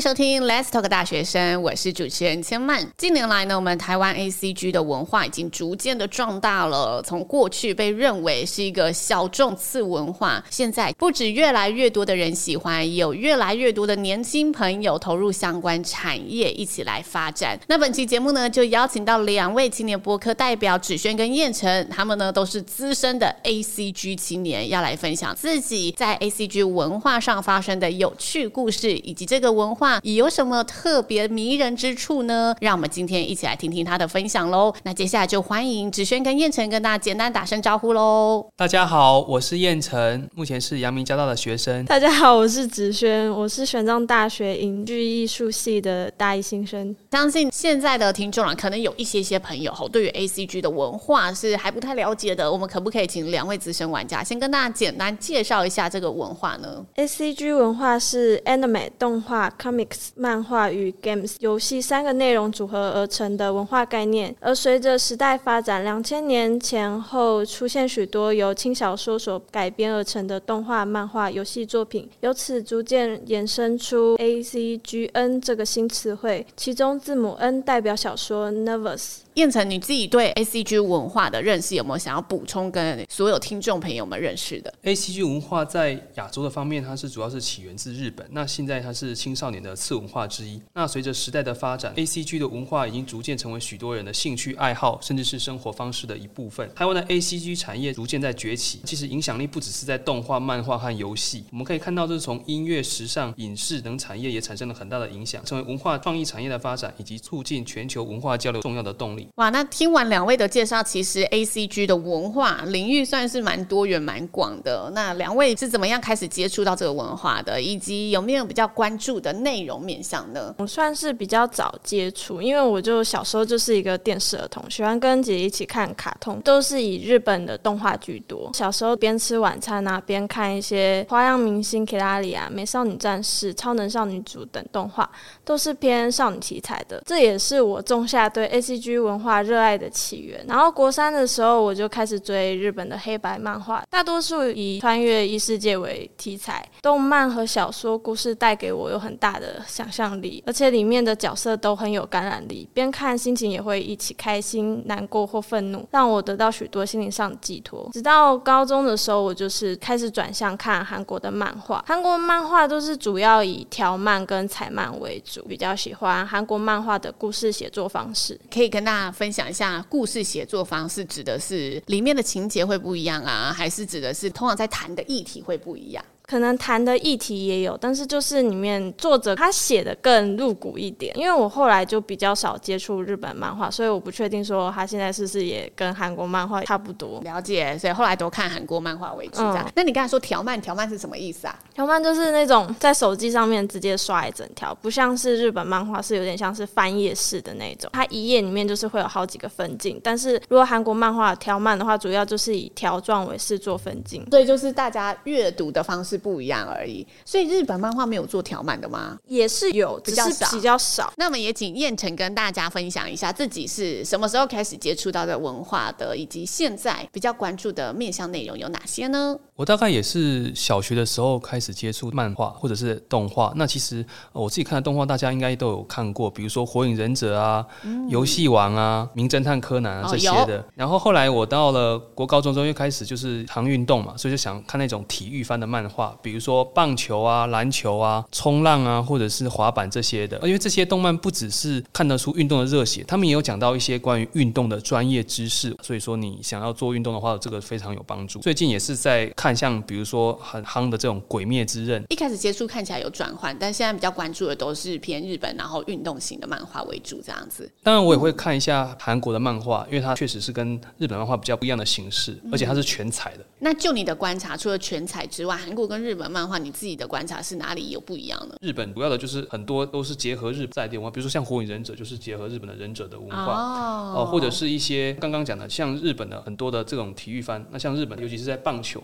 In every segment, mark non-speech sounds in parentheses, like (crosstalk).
收聽 Let's Talk 大學生，我是主持人千曼。近年來呢，我們台灣 ACG 的文化已經逐漸的壯大了。從過去被認為是一個小眾次文化，現在不止越來越多的人喜歡，有越來越多的年輕朋友投入相關產業一起來發展。那本期節目呢，就邀請到兩位青年播客代表芷瑄跟彥丞，他們呢都是資深的 ACG 青年，要來分享自己在 ACG 文化上發生的有趣故事，以及這個文化。有什麼特別迷人之處呢？讓我們今天一起來聽聽他的分享嘍。那接下來就歡迎芷瑄跟彥丞跟大家簡單打聲招呼嘍。大家好，我是彥丞，目前是陽明交大的學生。大家好，我是芷瑄，我是玄奘大學影劇藝術系的大一新生。相信現在的聽眾啊，可能有一些些朋友哈，對於 A C G 的文化是還不太了解的。我們可不可以請兩位資深玩家先跟大家簡單介紹一下這個文化呢？A C G 文化是 Anime 動畫、Comics、漫畫與 Games 遊戲三個內容組合而成的文化概念。而隨着時代發展，兩千年前後出現許多由輕小說所改編而成的動畫、漫畫、遊戲作品，由此逐漸衍生出 A C G N 這個新詞彙。其中字母 N 代表小說 Nervous。彥丞，你自己對 A C G 文化的認識有沒有想要補充跟所有聽眾朋友們認識的？A C G 文化在亞洲的方面，它是主要是起源自日本。那現在它是青少年。的次文化之一。那隨着時代的發展，A C G 的文化已經逐漸成為許多人的興趣愛好，甚至是生活方式的一部分。台灣的 A C G 產業逐漸在崛起，其實影響力不只是在動畫、漫畫和遊戲，我們可以看到，這是從音樂、時尚、影視等產業也產生了很大的影響，成為文化創意產業的發展以及促進全球文化交流重要的動力。哇，那聽完兩位的介紹，其實 A C G 的文化領域算是蠻多元、蠻廣的。那兩位是怎麼樣開始接觸到這個文化的，以及有沒有比較關注的？內容面向的，我算是比較早接觸，因為我就小時候就是一個電視兒童，喜歡跟姐姐一起看卡通，都是以日本的動畫居多。小時候邊吃晚餐啊，邊看一些《花樣明星》《凱拉里亞》《美少女戰士》《超能少女組》等動畫，都是偏少女題材的，這也是我種下對 ACG 文化熱愛的起源。然後國三的時候，我就開始追日本的黑白漫畫，大多數以穿越異世界為題材，動漫和小說故事帶給我有很大。的想象力，而且裡面的角色都很有感染力，邊看心情也會一起開心、難過或憤怒，讓我得到許多心靈上的寄托。直到高中的時候，我就是開始轉向看韓國的漫畫。韓國漫畫都是主要以條漫跟彩漫為主，比較喜歡韓國漫畫的故事寫作方式。可以跟大家分享一下，故事寫作方式指的是裡面的情節會不一樣啊，還是指的是通常在談的議題會不一樣？可能談的議題也有，但是就是裡面作者他寫得更露骨一點。因為我後來就比較少接觸日本漫畫，所以我不確定說他現在是不是也跟韓國漫畫差不多。了解，所以後來都看韓國漫畫為主。這樣，嗯，那你剛才說條漫，條漫是什麼意思啊？條漫就是那種在手機上面直接刷一整條，不像是日本漫畫，是有點像是翻頁式的那種。它一頁裡面就是會有好幾個分鏡，但是如果韓國漫畫條漫的話，主要就是以條狀為視作分鏡，所以就是大家閱讀的方式不一樣而已，所以日本漫畫沒有做條漫的嗎？也是有，只是比較少。比較少。那麼也請彥丞跟大家分享一下，自己是什麼時候開始接觸到的文化的，以及現在比較關注的面向內容有哪些呢？我大概也是小學的時候開始接觸漫畫或者是動畫。那其實我自己看的動畫，大家應該都有看過，比如說《火影忍者》啊，嗯《遊戲王》啊，《名偵探柯南》啊、哦、這些的。然後後來我到了國高中中，終又開始就是常運動嘛，所以就想看那種體育番的漫畫。比如說棒球啊、籃球啊、衝浪啊，或者是滑板這些的，因為這些動漫不只是看得出運動的熱血，他們也有講到一些關於運動的專業知識。所以說你想要做運動的話，這個非常有幫助。最近也是在看像比如說很夯的這種《鬼滅之刃》，一開始接觸看起來有轉換，但現在比較關注的都是偏日，日本然後運動型的漫畫為主這樣子。當然我也會看一下韓國的漫畫，因為它確實是跟日本漫畫比較不一樣的形式，而且它是全彩的。嗯。那就你的觀察，除了全彩之外，韓國跟日本漫畫，你自己的觀察是哪裡有不一樣的？日本主要的就是很多都是結合日本在地文化，比如說像《火影忍者》就是結合日本的忍者的文化哦，oh. 或者是一些剛剛講的，像日本的很多的這種體育番，那像日本尤其是在棒球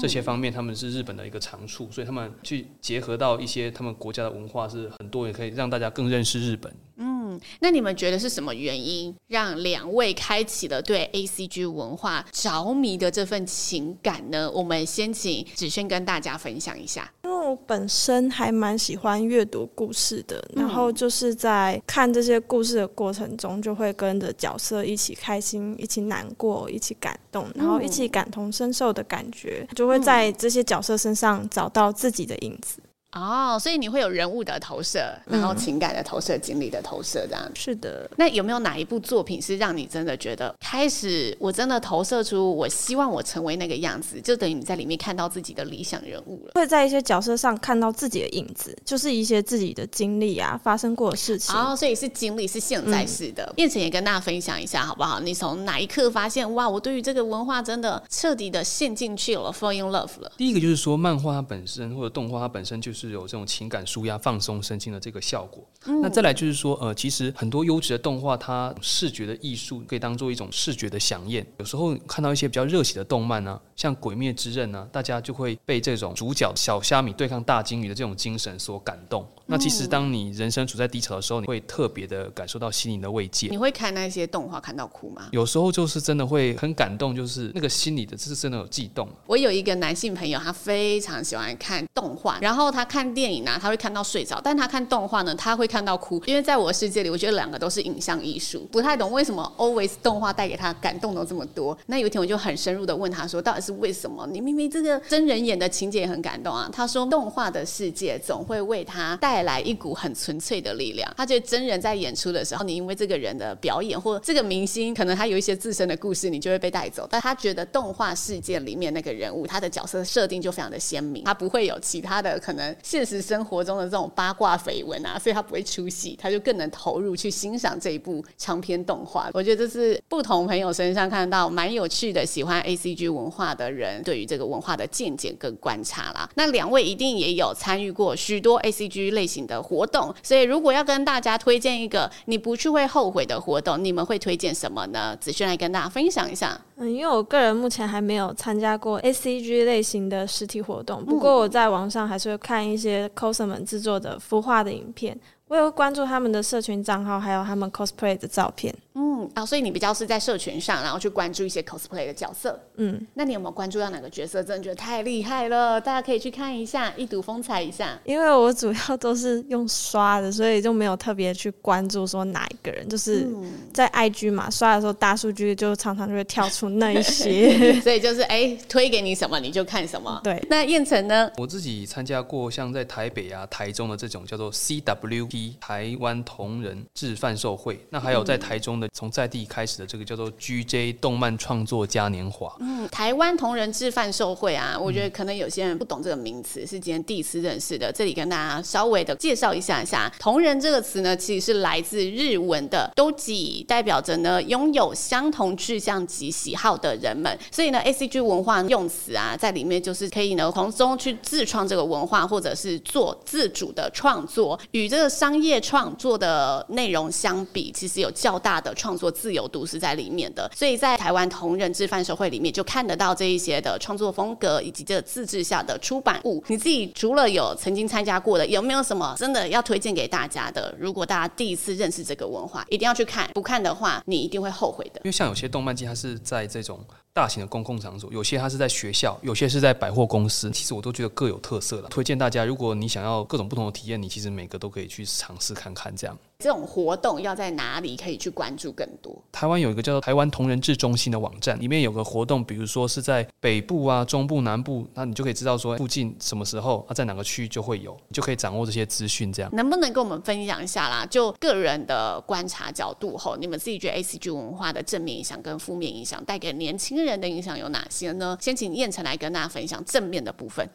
這些方面，他們是日本的一個長處。嗯，所以他們去結合到一些他們國家的文化是很多，也可以讓大家更認識日本。嗯。嗯，那你們覺得是什麼原因讓兩位開啟了對 ACG 文化着迷的這份情感呢？我們先請芷瑄跟大家分享一下。因為我本身還蠻喜歡閱讀故事的、嗯，然後就是在看這些故事的過程中，就會跟着角色一起開心、一起難過、一起感動，然後一起感同身受的感覺，就會在這些角色身上找到自己的影子。哦，所以你會有人物的投射，然後情感的投射，嗯、經歷的投射，這樣是的。那有沒有哪一部作品是讓你真的覺得開始，我真的投射出我希望我成為那個樣子，就等於你在裡面看到自己的理想人物了？會在一些角色上看到自己的影子，就是一些自己的經歷啊，發生過的事情。哦，所以是經歷，是現在式的。彥、嗯、丞也跟大家分享一下好不好？你從哪一刻發現哇，我對於這個文化真的徹底的陷進去了，fall in love 了？第一個就是說，漫畫它本身或者動畫它本身就是。是有這種情感舒壓、放鬆身心的這個效果，嗯。那再來就是說，呃，其實很多優質的動畫，它視覺的藝術可以當做一種視覺的饗宴。有時候看到一些比較熱血的動漫呢，啊，像《鬼滅之刃》呢，啊，大家就會被這種主角小蝦米對抗大鯨魚的這種精神所感動。嗯，那其實當你人生處在低潮的時候，你會特別的感受到心靈的慰藉。你會看那些動畫看到哭嗎？有時候就是真的會很感動，就是那個心裡的，就是真的有悸動。我有一個男性朋友，他非常喜歡看動畫，然後他。看電影啊，他會看到睡着，但他看動畫呢，他會看到哭。因為在我的世界裡，我覺得兩個都是影像藝術。不太懂為什麼 Always 動畫帶給他感動都這麼多。那有一天我就很深入的問他說，到底是為什麼？你明明這個真人演的情節也很感動啊。他說，動畫的世界總會為他帶來一股很純粹的力量。他覺得真人在演出的時候，你因為這個人的表演或這個明星，可能他有一些自身的故事，你就會被帶走。但他覺得動畫世界裡面那個人物，他的角色設定就非常的鮮明，他不會有其他的可能。現實生活中的這種八卦緋聞啊，所以他不會出戲，他就更能投入去欣賞這一部長篇動畫。我覺得這是不同朋友身上看到蠻有趣的，喜歡 A C G 文化的人對於這個文化的見解跟觀察啦。那兩位一定也有參與過許多 A C G 類型的活動，所以如果要跟大家推薦一個你不去會後悔的活動，你們會推薦什麼呢？芷瑄來跟大家分享一下。嗯，因為我個人目前還沒有參加過 A C G 類型的實體活動，不過我在網上還是會看一一些 cos 們製作的孵化的影片。我也會關注他們的社群賬號，還有他們 cosplay 的照片。嗯，啊，所以你比較是在社群上，然後去關注一些 cosplay 的角色。嗯，那你有沒有關注到哪個角色真的覺得太厲害了？大家可以去看一下，一睹風采一下。因為我主要都是用刷的，所以就沒有特別去關注說哪一個人。就是在 IG 嘛，刷的時候大數據就常常就會跳出那一些， (laughs) 所以就是哎、欸、推給你什麼你就看什麼。對，那彥丞呢？我自己參加過像在台北啊、台中的這種叫做 CW。台灣同人誌販售會，那還有在台中的從、嗯、在地開始的這個叫做 GJ 動漫創作嘉年華。嗯，台灣同人誌販售會，啊，我覺得可能有些人不懂這個名詞、嗯，是今天第一次認識的，這裡跟大家稍微的介紹一下一下，同人這個詞呢，其實是來自日文的“都幾”，代表着呢擁有相同志向及喜好的人們。所以呢，ACG 文化用詞啊，在裡面就是可以呢從中去自創這個文化，或者是做自主的創作與這個。商業創作的內容相比，其實有較大的創作自由度是在裡面的。所以在台灣同人誌販售會裡面，就看得到這一些的創作風格以及這自制下的出版物。你自己除了有曾經參加過的，有沒有什麼真的要推薦給大家的？如果大家第一次認識這個文化，一定要去看，不看的話，你一定會後悔的。因為像有些動漫祭，它是在這種。大型的公共場所，有些它是在學校，有些是在百貨公司。其實我都覺得各有特色了。推薦大家，如果你想要各種不同的體驗，你其實每個都可以去嘗試看看，這樣。這種活動要在哪裡可以去關注更多？台灣有一個叫做台灣同人誌中心的網站，裡面有個活動，比如說是在北部啊、中部、南部，那你就可以知道說附近什麼時候啊在哪個區域就會有，你就可以掌握這些資訊。這樣能不能跟我們分享一下啦？就個人的觀察角度，吼，你們自己覺得 ACG 文化的正面影響跟負面影響帶給年輕人的影響有哪些呢？先請彥丞來跟大家分享正面的部分。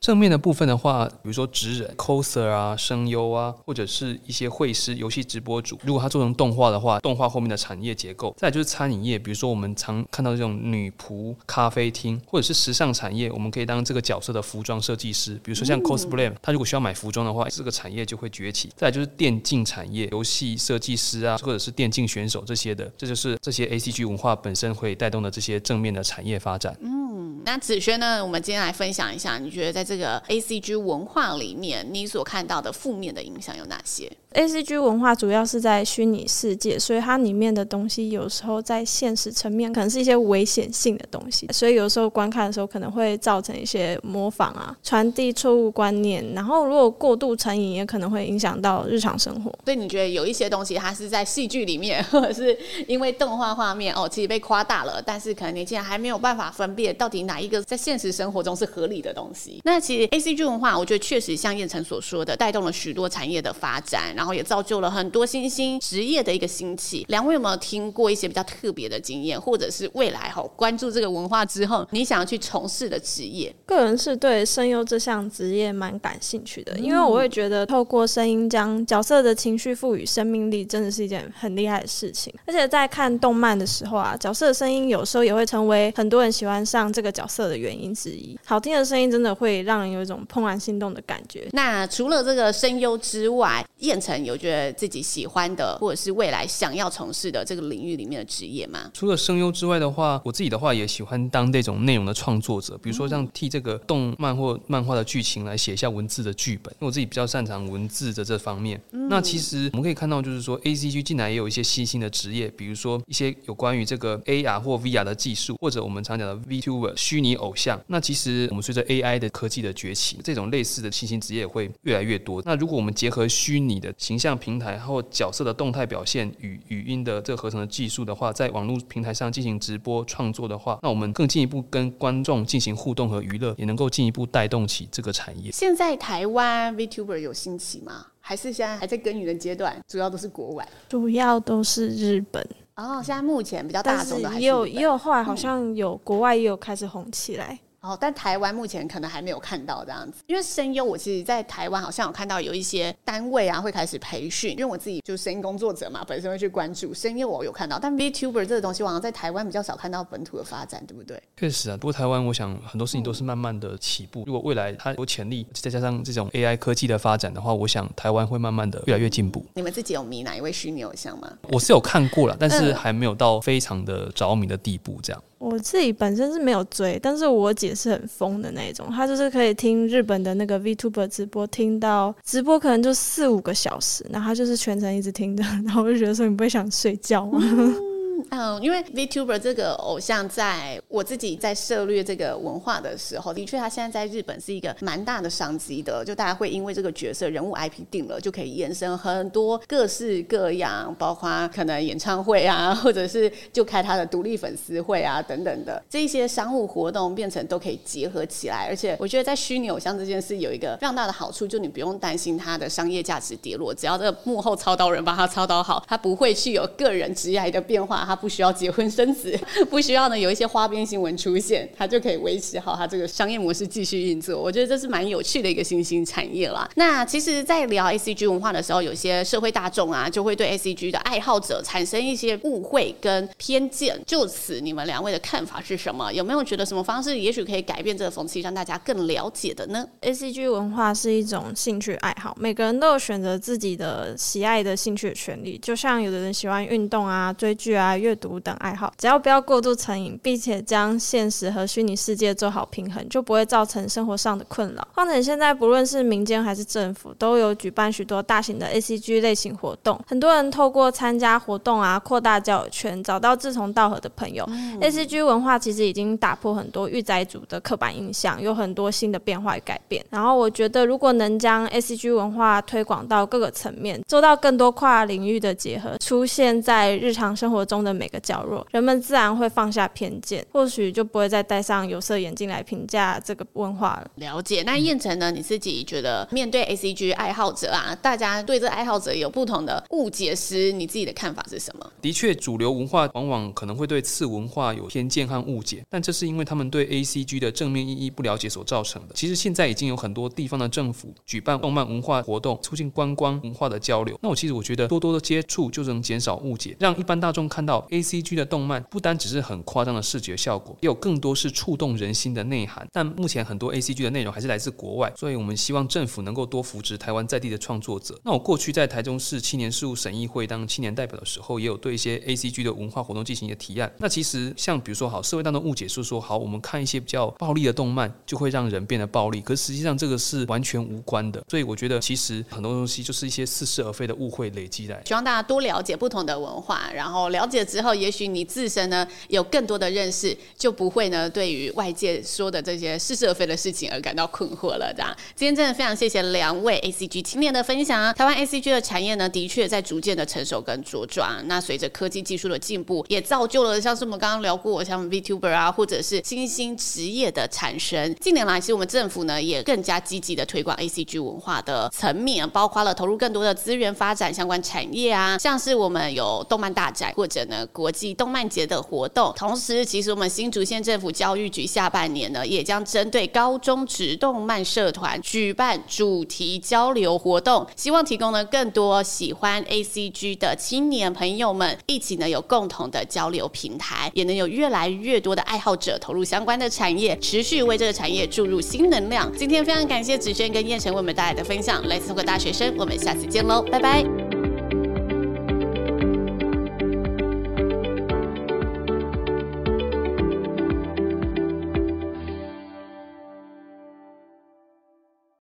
正面的部分的話，比如說職人、coser 啊、聲優啊，或者是一些繪師遊戲直播主，如果他做成動畫的話，動畫後面的產業結構；再來就是餐飲業，比如說我們常看到這種女僕咖啡廳，或者是時尚產業，我們可以當這個角色的服裝設計師，比如說像 cosplay，嗯，他如果需要買服裝的話，這個產業就會崛起；再來就是電競產業，遊戲設計師啊，或者是電競選手這些的，這就是這些 ACG 文化本身會帶動的這些正面的產業發展。嗯那芷瑄呢？我們今天來分享一下，你覺得在這個 ACG 文化裡面，你所看到的負面的影響有哪些？ACG 文化主要是在虛擬世界，所以它裡面的東西有時候在現實層面可能是一些危險性的東西，所以有時候觀看的時候可能會造成一些模仿啊，傳遞錯誤觀念，然後如果過度成癮，也可能會影響到日常生活。所以你覺得有一些東西，它是在戲劇裡面，或者是因為動畫畫面哦，其實被誇大了，但是可能年輕人還沒有辦法分辨到底哪一個在現實生活中是合理的東西。那其實 ACG 文化，我覺得確實像彥丞所說的，帶動了許多產業的發展，然後也造就了很多新興職業的一個興起。兩位有沒有聽過一些比較特別的經驗，或者是未來齁、哦、關注這個文化之後，你想要去從事的職業？個人是對聲優這項職業蠻感興趣的，因為我會覺得透過聲音將角色的情緒賦予生命力，真的是一件很厲害的事情。而且在看動漫的時候啊，角色的聲音有時候也會成為很多人喜歡上這個角色。色的原因之一，好聽的聲音真的會讓人有一種怦然心動的感覺。那除了這個聲優之外，彥丞有覺得自己喜歡的或者是未來想要從事的這個領域裡面的職業嗎？除了聲優之外的話，我自己的話也喜歡當這種內容的創作者，比如說像替這個動漫或漫畫的劇情來寫一下文字的劇本，因為我自己比較擅長文字的這方面。嗯，那其實我們可以看到，就是說 A C G 近來也有一些新興的職業，比如說一些有關於這個 A R 或 V R 的技術，或者我們常講的 VTuber。虛擬偶像，那其實我們隨着 AI 的科技的崛起，這種類似的新興職業也會越來越多。那如果我們結合虛擬的形象平台或角色的動態表現與語音的這個合成的技術的話，在網絡平台上進行直播創作的話，那我們更進一步跟觀眾進行互動和娛樂，也能夠進一步帶動起這個產業。現在台灣 VTuber 有興起嗎？還是現在還在耕耘的階段？主要都是國外，主要都是日本。然後，哦，現在目前比較大眾的，也有也有，後來好像有國外也有開始紅起來。嗯哦，但台灣目前可能還沒有看到這樣子，因為聲優，我其實在台灣好像有看到有一些單位啊會開始培訓，因為我自己就是聲音工作者嘛，本身會去關注聲優，深我有看到。但 VTuber 這個東西，我好像在台灣比較少看到本土的發展，對不對？確實啊，不過台灣我想很多事情都是慢慢的起步。哦、如果未來它有潛力，再加上這種 AI 科技的發展的話，我想台灣會慢慢的越來越進步，嗯。你們自己有迷哪一位虛擬偶像嗎？我是有看過了、 (laughs) 嗯，但是還沒有到非常的着迷的地步，這樣。我自己本身是沒有追，但是我姐是很瘋的那種，她就是可以聽日本的那個 VTuber 直播，聽到直播可能就四五個小時，然後她就是全程一直聽着，然後我就覺得說你不會想睡覺嗎？ (laughs) 嗯，因為 VTuber 這個偶像，在我自己在涉獵這個文化的時候，的確，他現在在日本是一個蠻大的商機的。就大家會因為這個角色、人物 IP 定了，就可以延伸很多各式各樣，包括可能演唱會啊，或者是就開他的獨立粉絲會啊，等等的這一些商務活動，變成都可以結合起來。而且，我覺得在虛擬偶像這件事有一個非常大的好處，就你不用擔心他的商業價值跌落，只要這個幕後操刀人幫他操刀好，他不會去有個人直癌的變化。他不需要結婚生子， (laughs) 不需要呢有一些花邊新聞出現，他就可以維持好他這個商業模式繼續運作。我覺得這是蠻有趣的一個新興產業啦。那其實，在聊 A C G 文化的時候，有些社會大眾啊，就會對 A C G 的愛好者產生一些誤會跟偏見。就此，你們兩位的看法是什麼？有沒有覺得什麼方式也許可以改變這個風氣，讓大家更了解的呢？A C G 文化是一種興趣愛好，每個人都有選擇自己的喜愛的興趣的權利。就像有的人喜歡運動啊，追劇啊。閱讀等愛好，只要不要過度成癮，並且將現實和虛擬世界做好平衡，就不會造成生活上的困擾。況且現在不論是民間還是政府，都有舉辦許多大型的 A C G 類型活動，很多人透過參加活動啊，擴大交友圈，找到志同道合的朋友。嗯、A C G 文化其實已經打破很多御宅族的刻板印象，有很多新的變化與改變。然後我覺得，如果能將 A C G 文化推廣到各個層面，做到更多跨領域的結合，出現在日常生活中的。每個角落，人們自然會放下偏見，或許就不會再戴上有色眼鏡來評價這個文化了。了解，那彥丞呢？你自己覺得面對 A C G 愛好者啊，大家對這愛好者有不同的誤解時，你自己的看法是什麼？的確，主流文化往往可能會對次文化有偏見和誤解，但這是因為他們對 A C G 的正面意義不了解所造成的。其實現在已經有很多地方的政府舉辦動漫文化活動，促進觀光文化的交流。那我其實我覺得，多多的接觸就能減少誤解，讓一般大眾看到。ACG 的動漫不單只是很誇張的視覺效果，也有更多是觸動人心的內涵。但目前很多 ACG 的內容還是來自國外，所以我們希望政府能夠多扶植台灣在地的創作者。那我過去在台中市青年事務審議會當青年代表的時候，也有對一些 ACG 的文化活動進行一個提案。那其實像比如說，好社會當中誤解是說，好我們看一些比較暴力的動漫就會讓人變得暴力，可是實際上這個是完全無關的。所以我覺得其實很多東西就是一些似是而非的誤會累積來。希望大家多了解不同的文化，然後了解。之後，也許你自身呢有更多的認識，就不會呢對於外界說的這些是是非的事情而感到困惑了。這樣，今天真的非常謝謝兩位 A C G 青年的分享。啊，台灣 A C G 的產業呢，的確在逐漸的成熟跟茁壯。那隨着科技技術的進步，也造就了像是我們剛剛聊過，像 V Tuber 啊，或者是新興職業的產生。近年來，其實我們政府呢也更加積極的推廣 A C G 文化的層面，包括了投入更多的資源發展相關產業啊，像是我們有動漫大展，或者呢。國際動漫節的活動，同時，其實我們新竹縣政府教育局下半年呢，也將針對高中職動漫社團舉辦主題交流活動，希望提供呢更多喜歡 ACG 的青年朋友們一起呢有共同的交流平台，也能有越來越多的愛好者投入相關的產業，持續為這個產業注入新能量。今天非常感謝芷瑄跟彥丞為我們帶來的分享，來自個大學生，我們下次見嘍，拜拜。